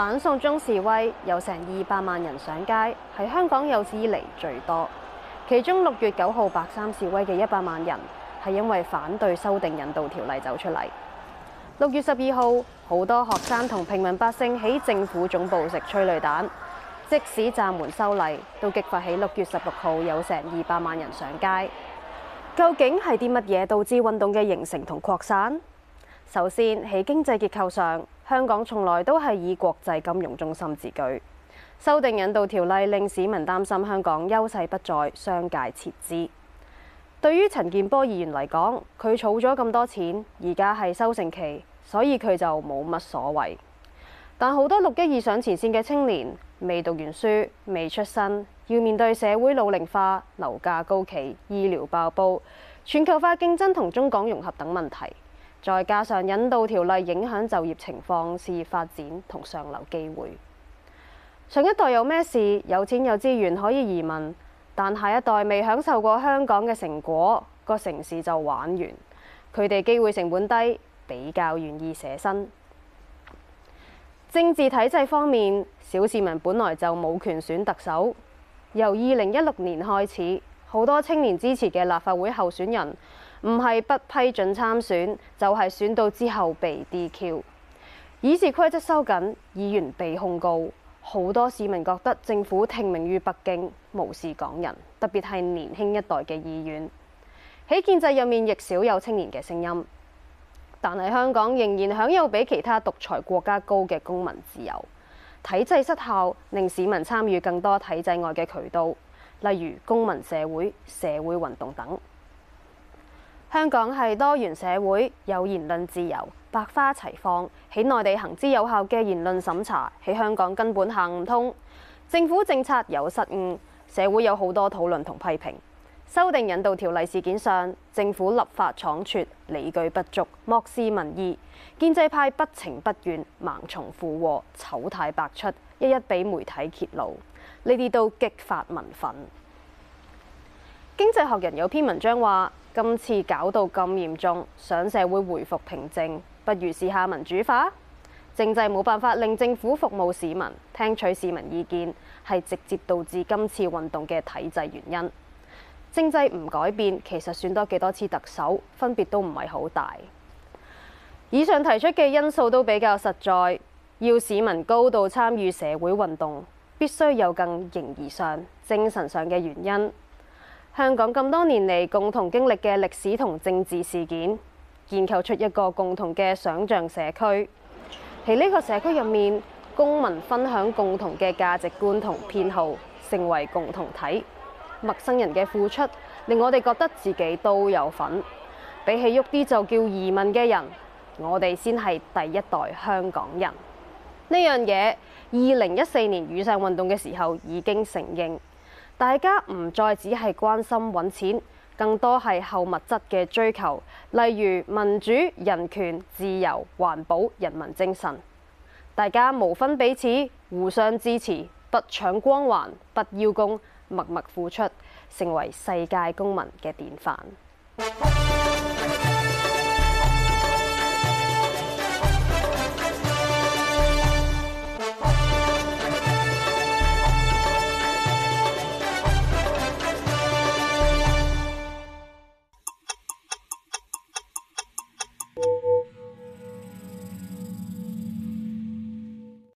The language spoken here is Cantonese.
反送中示威有成二百萬人上街，係香港有史以嚟最多。其中六月九號白衫示威嘅一百萬人，係因為反對修訂引渡條例走出嚟。六月十二號，好多學生同平民百姓喺政府總部食催淚彈，即使暫緩修例，都激發起六月十六號有成二百萬人上街。究竟係啲乜嘢導致運動嘅形成同擴散？首先喺經濟結構上。香港從來都係以國際金融中心自居。修訂引渡條例令市民擔心香港優勢不再，商界撤資。對於陳健波議員嚟講，佢儲咗咁多錢，而家係收成期，所以佢就冇乜所謂。但好多六一二上前線嘅青年，未讀完書，未出身，要面對社會老齡化、樓價高企、醫療爆煲、全球化競爭同中港融合等問題。再加上引渡條例影響就業情況、事業發展同上流機會。上一代有咩事，有錢有資源可以移民，但下一代未享受過香港嘅成果，個城市就玩完。佢哋機會成本低，比較願意捨身。政治體制方面，小市民本來就冇權選特首。由二零一六年開始，好多青年支持嘅立法會候選人。唔係不，不批准參選，就係，是，選到之後被 DQ。議事規則收緊，議員被控告，好多市民覺得政府聽命於北京，無視港人，特別係年輕一代嘅議員。喺建制入面亦少有青年嘅聲音。但係香港仍然享有比其他獨裁國家高嘅公民自由。體制失效，令市民參與更多體制外嘅渠道，例如公民社會、社會運動等。香港係多元社會，有言論自由，百花齊放。喺內地行之有效嘅言論審查喺香港根本行唔通。政府政策有失誤，社會有好多討論同批評。修訂引渡條例事件上，政府立法倉促，理據不足，漠視民意。建制派不情不願，盲從附和，醜態百出，一一俾媒體揭露，呢啲都激發民憤。經濟學人有篇文章話。今次搞到咁嚴重，想社會回復平靜，不如試下民主化。政制冇辦法令政府服務市民、聽取市民意見，係直接導致今次運動嘅體制原因。政制唔改變，其實選多幾多次特首，分別都唔係好大。以上提出嘅因素都比較實在，要市民高度參與社會運動，必須有更形而上、精神上嘅原因。香港咁多年嚟共同經歷嘅歷史同政治事件，建構出一個共同嘅想像社區。喺呢個社區入面，公民分享共同嘅價值觀同偏好，成為共同體。陌生人嘅付出，令我哋覺得自己都有份。比起喐啲就叫移民嘅人，我哋先係第一代香港人。呢樣嘢，二零一四年雨傘運動嘅時候已經承認。大家唔再只係關心揾錢，更多係後物質嘅追求，例如民主、人權、自由、環保、人民精神。大家無分彼此，互相支持，不搶光環，不邀功，默默付出，成為世界公民嘅典範。